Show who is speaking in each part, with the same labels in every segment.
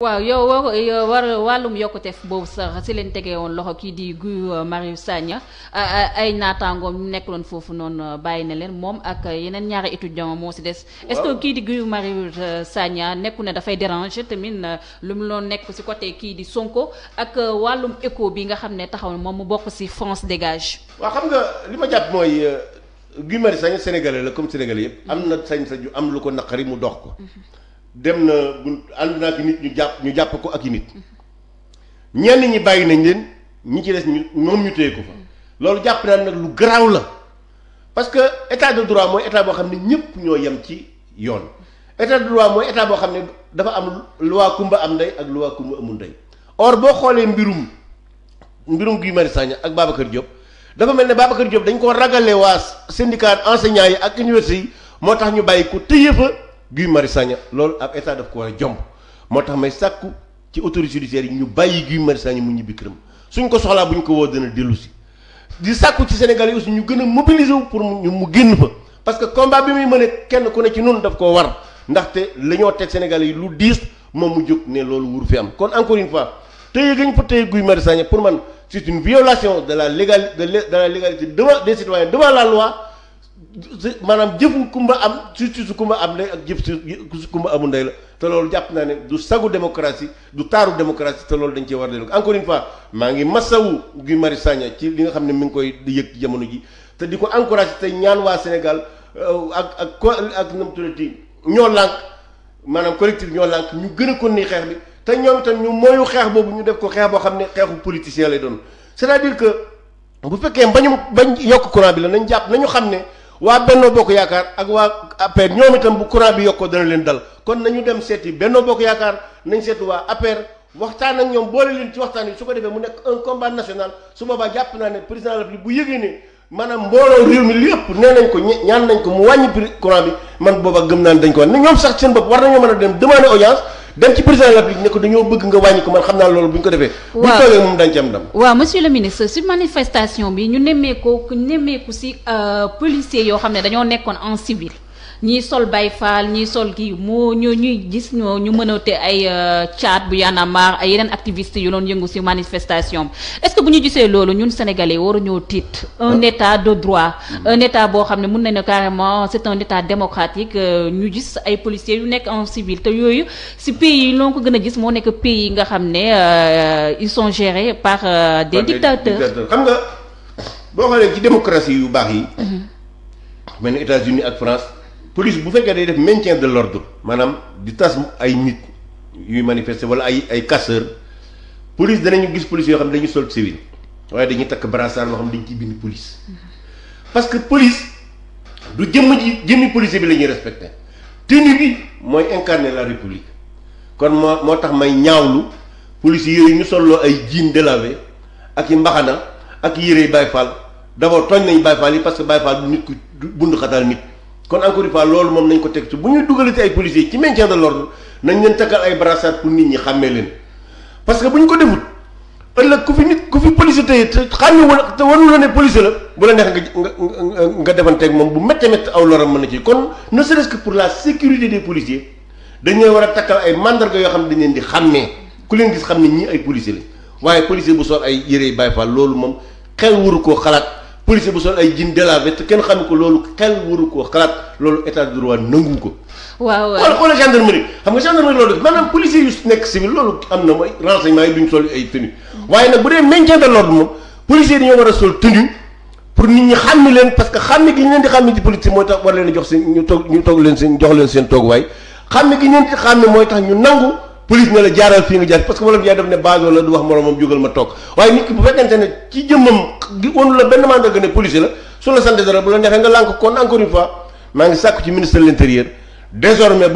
Speaker 1: waaw yow war wàllum yokkuteef boobu sax si leen tegee woon loxo kii di Guy mari Marius Sagna ay naataangoom nekk loon foofu noonu bàyyi na leen moom ak yeneen ñaari étudiant moo si des est-ce que kii di Guy Marius Sagna nekku ne dafay déranger tamit lu mu loon nekk si côté kii di Sonko ak wàllum éco bi nga xam ne taxaw na moom mu bokk si France dégage
Speaker 2: waaw xam nga li ma jàpp mooy euh, Guy Marius Sagna sénégalais la comme sénégalais yëpp mhm. am na sañ sa am lu ko naqari mu dox dem na bu ànd naa nit ñu jàpp ñu jàpp ko ak i nit ñenn ñi bàyyi nañ leen ñi ci des ñu ñoom ñu téye ko fa loolu jàpp naa nag lu garaaw la parce que état de droit mooy état boo xam ne ñëpp ñoo yem ci yoon état de mooy état boo xam ne dafa am waa kumba am ndey ak waa kumba amul ndey or boo xoolee mbirum mbirum Guy Marius Sagna ak Babacar Diop dafa mel ne Babacar Diop dañ ko ragale waa syndicat enseignants yi ak université moo tax ñu bàyyi ko téye Guy Marius Sagna loolu ab état daf ko war a jomb moo tax may sàkku ci autorités judiciaires yi ñu bàyyi Guy Marius Sagna mu ñibbi këram suñ ko soxlaa bu ñu ko woo dana dellu si di sàkku ci Sénégal yi aussi ñu gën a mobiliser wu pour ñu mu génn fa parce que combat bi muy manee kenn ku ne ci noonu daf koo war ndaxte la ñoo teg Sénégal yi lu diis moom mu jóg ne loolu wur fi am kon encore une fois téye gañ fa téye Guy Marius Sagna pour man c'est une violation de la légal de la légalité devant des citoyens devant la loi maanaam jëfu kumba am surtout su kumba am ndey ak jëf su kumba amu ndey la te loolu jàpp naa ne du sagu démocratie du taaru démocratie te loolu dañ cee war a dellu encore une maa ngi masawu Guy Marius Sagna ci li nga xam ne mi ngi koy di yëg jamono ji te di ko encouragé te ñaan waa Sénégal euh, ak ak ko ak nam tuddati ñoo lànk maanaam collectif ñoo lànk ñu gën a kon ni xeex bi te ñoom itam ñu mooyu xeex boobu ñu def ko xeex boo xam ne xeexu politicien lay doon c'est-à-dire que bu fekkee ba bañu bañ yokk courant bi la nañ jàpp nañu xam ne waa Benno Bokk Yaakaar ak waa APR ñoom itam bu courant bi yokkoo dana leen dal kon nañu dem seeti Benno Bokk Yaakaar nañ seeti waa APR waxtaan ak ñoom boole leen ci waxtaan yi su ko defee mu nekk un combat national su boobaa jàpp naa ne président de la République bu yëgee ne maanaam mbooloo réew mi lépp nee nañ ko ñaan nañ ko mu wàññi prix courant bi man booba gëm naa ne dañ ko wax ne ñoom sax seen bopp war nañoo mën a dem demander audience dem ci président de ne ko dañoo bëgg nga wàññi ko man xam naa loolu bu ñu ko defee. waaw bu ñu toogee moom dañ ci am ndam.
Speaker 1: waaw monsieur le ministre si manifestation bi ñu nemmeekoo nemmeeku si euh, policiers yoo xam ne dañoo nekkoon en civil. ñii sol bay faal ñii sol kii moo ñoo ñuy gis ñoo ñu mënate ay euh, caat bu Y'en a marre ay yeneen activiste yu doon yëngu ci manifestation est que bu ñu gisee loolu ñun sénégalais waruñoo tiit un ah. état de droit mm-hmm. un état boo xam ne mun nañu carrément c'est un état démocratique euh, ñu gis ay policiers yu nekk en civil te yooyu ci pays yi loo ko gën a gis moo nekk pays yi nga xam ne euh, ils sont gérés par des dictateurs xam nga
Speaker 2: boo xoolee ci démocratie yu baax yi mm-hmm. police bu fekkee day def maintien de l'ordre maanaam di tas ay nit yuy manifester wala ay ay casseur police danañu gis police yoo xam ne dañuy sol civil waaye dañuy takk brassard loo xam ne dañ ciy bind police parce que police du jëmm ji jëmmi policier bi lañuy ñuy respecté bi mooy incarner la république kon moo moo tax may ñaawlu policiers yooyu ñu soloo ay jiin délavé ak i mbaxana ak yére yi Baye Fall d'abord tooñ nañ Baye Fall yi parce que Baye Fall nit ku bund xataal nit kon encore une fois loolu moom nañ ko teg ci bu ñuy dugalati ay policiers ci maintien de l'ordre nañ leen takkal ay brassard pour nit ñi xàmmee leen parce que bu ñu ko defut ëllëg ku fi nit ku fi policier tey te xàmme wala te warul la ne policier la bu la nga nga nga moom bu méttee méttee aw loram mën na kon ne que pour la sécurité des policiers dañu war a takkal ay mandarga yoo xam ne dañ leen di xàmmee ku leen gis xam ne ñii ay policier la waaye policier bu sol ay yére yu Baay Faal loolu moom xel waru koo xalaat. policier bu sol ay jean délavé te kenn xam ko loolu xel waru ko xalaat loolu état de droit nangu ko.
Speaker 1: waaw waaw xoolal gendarmerie
Speaker 2: xam nga gendarmerie loolu maanaam policier yu loolu moom policier dañoo war a sol tenue pour nit ñi xàmmi leen parce que xàmmi gi ñu leen di xàmmi mooy tax war leen a jox seen ñu toog ñu toog leen seen jox leen seen tooguwaay xàmmi gi ñu leen di mooy tax ñu nangu. police ne la jaaral fii nga jaar parce que wolof yaay def ne basoo la du wax moromam jógal ma toog waaye nit ki bu fekkente ne ci jëmmam gi wonu la benn mandarga ne policier la su la sant dara bu nga lànk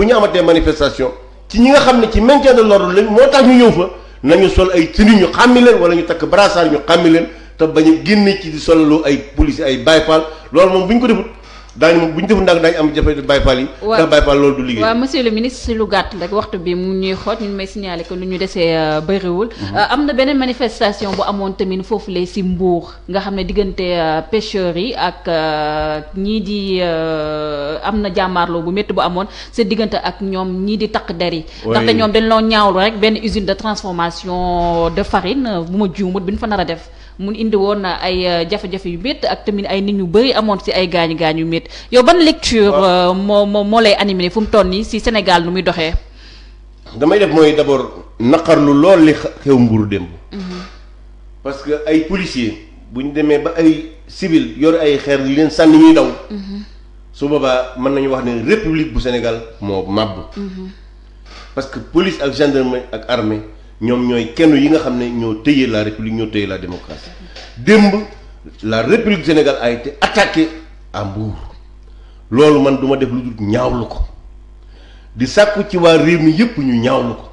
Speaker 2: ñu amatee manifestation ci ñi nga xam ne ci maintien de l'ordre moo tax ñu ñëw fa nañu sol ay tenue ñu xàmmi leen wala ñu takk brassard ñu xàmmi leen te bañ a génne ci di solaloo ay police ay bayfal loolu moom bu ñu ko defut daañu moom bu ñu def ndànk daañu am jafe-jafe yi. waaw ndax Baye loolu du liggéey. waaw
Speaker 1: monsieur le ministre si lu gàtt rek waxtu bi mu ñuy xoot ñun may signaler ko lu ñu desee euh, bariwul mhm. euh, am na beneen manifestation bu amoon tamit foofu lee si Mbour nga xam ne diggante euh, pêcheurs yi ak ñii di am na jàmmaarloo bu métti bu amoon sa diggante ak ñoom ñii di takk der yi. ndaxte ñoom dañ loo ñaawlu rek benn usine de transformation de farine bu ma juumut bi nu fa nar a def. mu indi woon ay euh, jafe-jafe yu métti ak tamit ay nit ñu bëri amoon si ay gaañu gaañ yu métti yow ban lecture euh, moo moo moo lay animé fu mu toll nii si senegal nu muy doxe
Speaker 2: damay def mooy d'abord lu lool li xew Mbuur démb. Mhm. parce que ay policiers bu ñu demee ba ay civil yor ay xeer leen sànni ñuy daw. Mhm. su boobaa mën nañu wax ne république bu Sénégal moo màbb. Mhm. parce que police ak gendarmerie ak armée. ñoom ñooy kenn yi nga xam ne ñoo téye la république ñoo téye la démocratie démb la république du Sénégal a été attaquée à Mbour loolu man duma def lu dul ñaawlu ko di sàkku ci waa réew mi yëpp ñu ñaawlu ko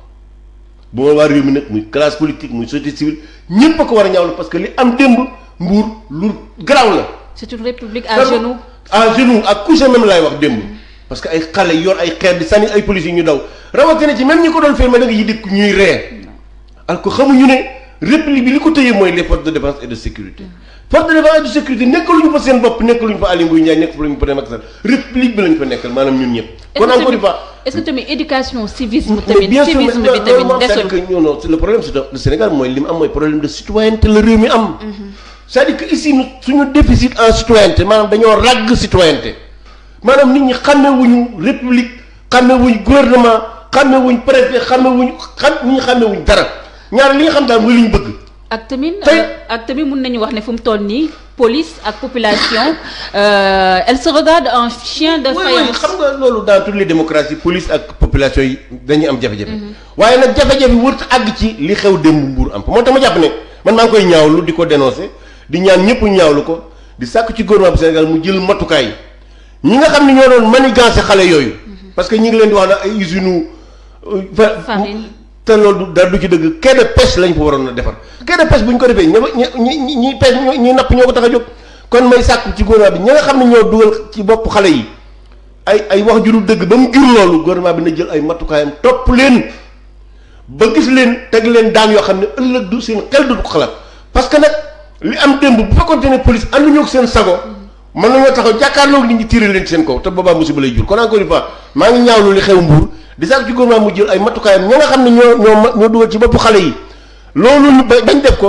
Speaker 2: bu ma waa réew mi nag muy classe politique muy société civile ñëpp a ko war a ñaawlu parce que li am démb Mbour lu garaaw la.
Speaker 1: c'est une république à genoux.
Speaker 2: ak couché même laay wax démb. parce que ay xale yor ay xeer di sànni ay police yi ñu daw rawatina ci même ñi ko doon filmé da nga ñuy ree alors que xamuñu ne république bi li ko tëye mooy les forces de défense et de sécurité forces de défense et de sécurité nekkaluñu fa seen bopp nekkaluñu fa Aly Ngouille Ndiaye nekk fa lañu fa dem ak seen république bi lañu fa nekkal maanaam ñun ñëpp kon encore une fois
Speaker 1: est-ce que tamit éducation civisme tamit civisme bi tamit desul
Speaker 2: que non non le problème c'est le Sénégal mooy li mu am mooy problème de citoyenneté la réew mi am mhm. c'est-à-dire que ici suñu déficit en citoyenneté maanaam dañoo ràgg citoyenneté maanaam nit ñi xàmmewuñu république xàmmewuñ gouvernement xàmmewuñ préfet xàmmewuñ xam ñi xàmmewuñ dara ñaar li nga xam daal mooy lu ñu bëgg.
Speaker 1: ak tamit euh, ak tamit mun nañu wax ne fu mu toll nii police ak population euh, elle se regarde en chien de faïence.
Speaker 2: xam nga loolu dans toutes les démocraties police ak population yi dañu am jafe-jafe. Mhm. waaye nag jafe-jafe wërta àgg ci li xew démb Mbour am moo tax ma jàpp ne man maa ngi koy ñaawlu di ko dénoncer di ñaan ñëpp ñaawlu ko di sàkk ci gouvernement bu Sénégal mu jël matukaay ñi nga xam ne ñoo doon manigancé xale yooyu. Mhm. parce que ñu ngi leen di wax ne ay usines. Euh, te loolu dara du ci dëgg quai de pêche lañ fa waroon a defar quai de pêche bu ñu ko defee ñoo ñi ñi ñi pêche ñi napp ñoo ko tax a jóg kon may sàkk ci gouvernement bi ñi nga xam ne ñoo dugal ci bopp xale yi ay ay wax ju dëgg ba mu jur bi na jël ay matukaayam topp leen ba gis leen teg leen daan yoo xam ne ëllëg du seen xel du ko xalaat parce que nag li am démb bu fekkoonte ne police ànduñu ak seen sago mën nañoo taxaw jàkkaarloog nit ñu tiire leen ci seen kaw te boobaa musiba lay jur kon encore une fois maa ngi ñaawlu li xew Mbuur di sàkk ci gouvernement mu jël ay matukaayam ña nga xam ne ñoo ñoo ñoo dugal ci bopp xale yi loolu bañ def ko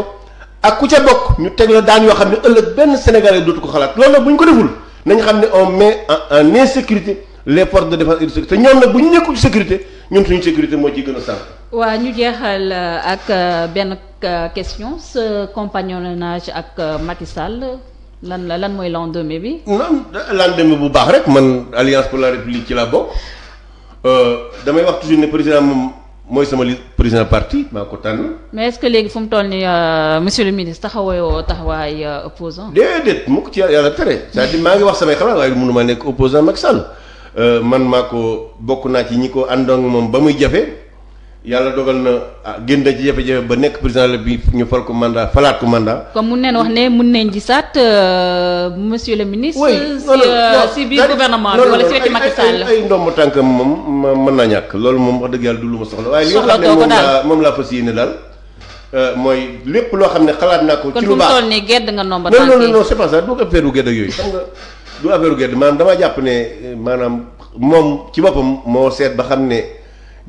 Speaker 2: ak ku ca bokk ñu teg la daan yoo xam ne ëllëg benn Sénégalais dootu ko xalaat loolu nag bu ñu ko deful nañ xam ne on met en insécurité les forces de défense et de sécurité ñoom nag bu ñu nekkul sécurité ñun suñu sécurité moo ciy gën a sànq.
Speaker 1: waa ñu jeexal euh, ak euh, benn euh, question ce compagnonnage ak Macky Sall lan la lan mooy lendemain bi.
Speaker 2: non lendemain bu baax rek man Alliance pour la République ci laa bokk. Euh, damay wax toujours ne président moom mooy sama président parti maa ko tànn.
Speaker 1: mais est-ce que léegi fu mu toll nii euh, monsieur le ministre taxawoo taxawaay euh, opposant
Speaker 2: déedéet mu ko ci yàlla tere cest à maa ngi wax samay xalaat waaye mënu maa nekk opposant Macky Sall man maa ko bokk naa ci ñi ko àndoon moom ba muy jafe. yàlla dogal na ah génn ci jafe-jafe ba nekk président la bi ñu fal ko mandat falaat ko mandat.
Speaker 1: comme mun neen wax ne mun nañ gisaat euh, monsieur le ministre. oui si euh, biir gouvernement bi wala si wetu Macky Sall la
Speaker 2: ay moom mën naa ñàkk loolu moom wax dëgg lu ma soxla. waaye li xam ne moom laa moom laa fas yéene daal. Euh, mooy lépp loo xam ne xalaat naa ko. ci lu baax kon fu mu toll
Speaker 1: nii gedd nga ndomba tànk non non non
Speaker 2: c'est pas ça du affaire gedd yooyu du affaire gedd maanaam damaa jàpp ne maanaam moom ci boppam moo seet ba xam ne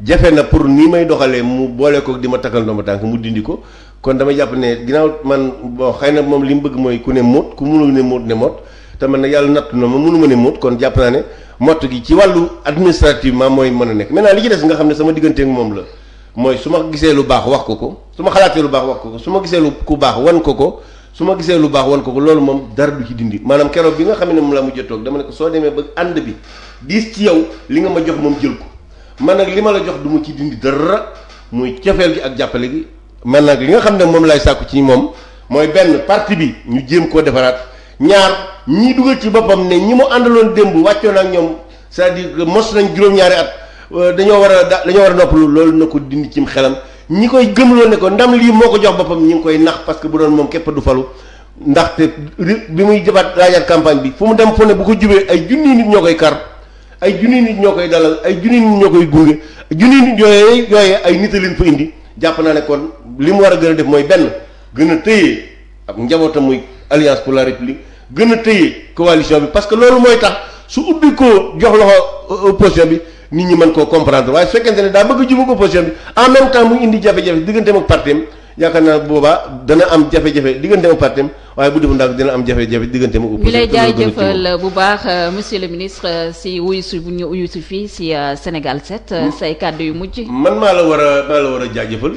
Speaker 2: jafe na pour nii may doxalee mu boole ko di ma takkal ma tànk mu dindi ko kon dama jàpp ne ginnaaw man bon xëy na moom li mu bëgg mooy ku ne mot ku munul ne mot ne mot te man nag yàlla nattu na ma munuma ne mot kon jàpp naa ne mot gi ci wàllu administrativement mooy mën a nekk naa li ci des nga xam ne sama digganteeg moom la mooy su ma gisee lu baax wax ko ko su ma xalaatee lu baax wax ko ko su ma gisee lu ku baax wan ko ko su gisee lu baax wan ko ko loolu moom dara du ci dindi maanaam keroog bi nga xam ne moom a toog dama ne ko soo demee ba ànd bi diis ci yow li nga ma jox moom jël ko man nag li ma la jox du ma ci dindi dara muy cofeel gi ak jàppale gi man nag li nga xam ne moom lay sàkku ci moom mooy benn parti bi ñu jéem koo defaraat ñaar ñii dugal ci boppam ne ñi mu àndaloon démb wàccoon ak ñoom sa à dire mos nañ juróom-ñaari at euh, dañoo war a dañoo war a noppalu loolu na ko dindi cim xelam ñi koy gëmloo ne ko ndam lii moo ko jox boppam ñi ngi koy nax parce que bu doon moom képp du falu ndaxte bi muy jëbaat laajaat campagne bi fu mu dem fu ne bu ko jubee ay junni nit ñoo koy kar ay junni nit ñoo koy dalal ay junni nit ñoo koy gunge junni nit yooyee yooyee ay nit a leen fa indi jàpp naa ne kon li mu war a gën a def mooy benn gën a téye ak njabootam muy alliance pour la république gën a téye coalition bi parce que loolu mooy tax su ubbi ko jox loxo euh, euh, opposition bi nit ñi mën koo comprendre waaye su fekkente ne daa bëgg a jubóog opposition bi en même temps mu indi jafe-jafe digganteem ak parti am yaakaar boobaa dana am jafe-jafe digganteem ak par am waaye bu defoon daal dina am jafe-jafe diggante mu. ñu lay jaajëfal
Speaker 1: bu baax euh, monsieur le ministre euh, si wuyu bu ñu wuyu si fii si euh, Sénégal set hmm? say kàddu yu mujj. man maa la
Speaker 2: war a maa la war a jaajëfal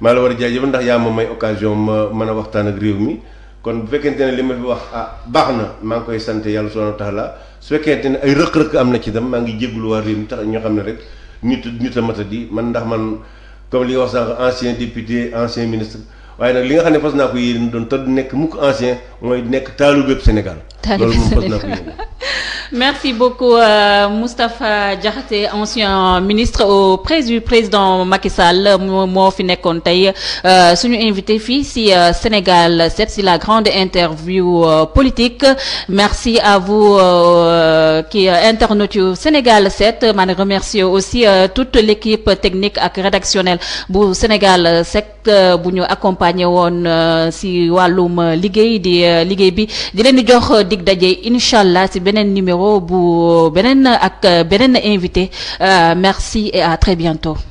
Speaker 2: maa la war a jaajëfal ndax yaa ma may occasion ma mën a waxtaan ak réew mi kon bu fekkente ne li ma fi wax ah baax na maa ngi koy sant yàlla subhanahu tax taala su fekkente ne ay rëq-rëq am na ci dem maa ngi jégalu waa réew mi tax ñoo xam ne rek nit nit a mat a man ndax man comme li nga wax sànq ancien député ancien ministre. waaye nag li nga xam ne naa ko yéene doon tëdd nekk mukk ancien mooy nekk taalu bépp Sénégal. loolu moom fas naa ko yéene
Speaker 1: merci beaucoup euh, Moustapha ancien ministre auprès président Macky Sall moo fi nekkoon tey euh, suñu invité fii si euh, Sénégal 7 si la grande interview euh, politique merci à vous euh, qui euh, internautes yu Sénégal 7 maa ngi remercier aussi toute l'équipe technique ak rédactionnelle bu Sénégal 7 Euh, bu ñu accompagner woon euh, si wàllum euh, liggéey di liggéey bi di leen di jox dig daje incha allah si beneen numéro bu beneen ak beneen invité merci et à très bientôt.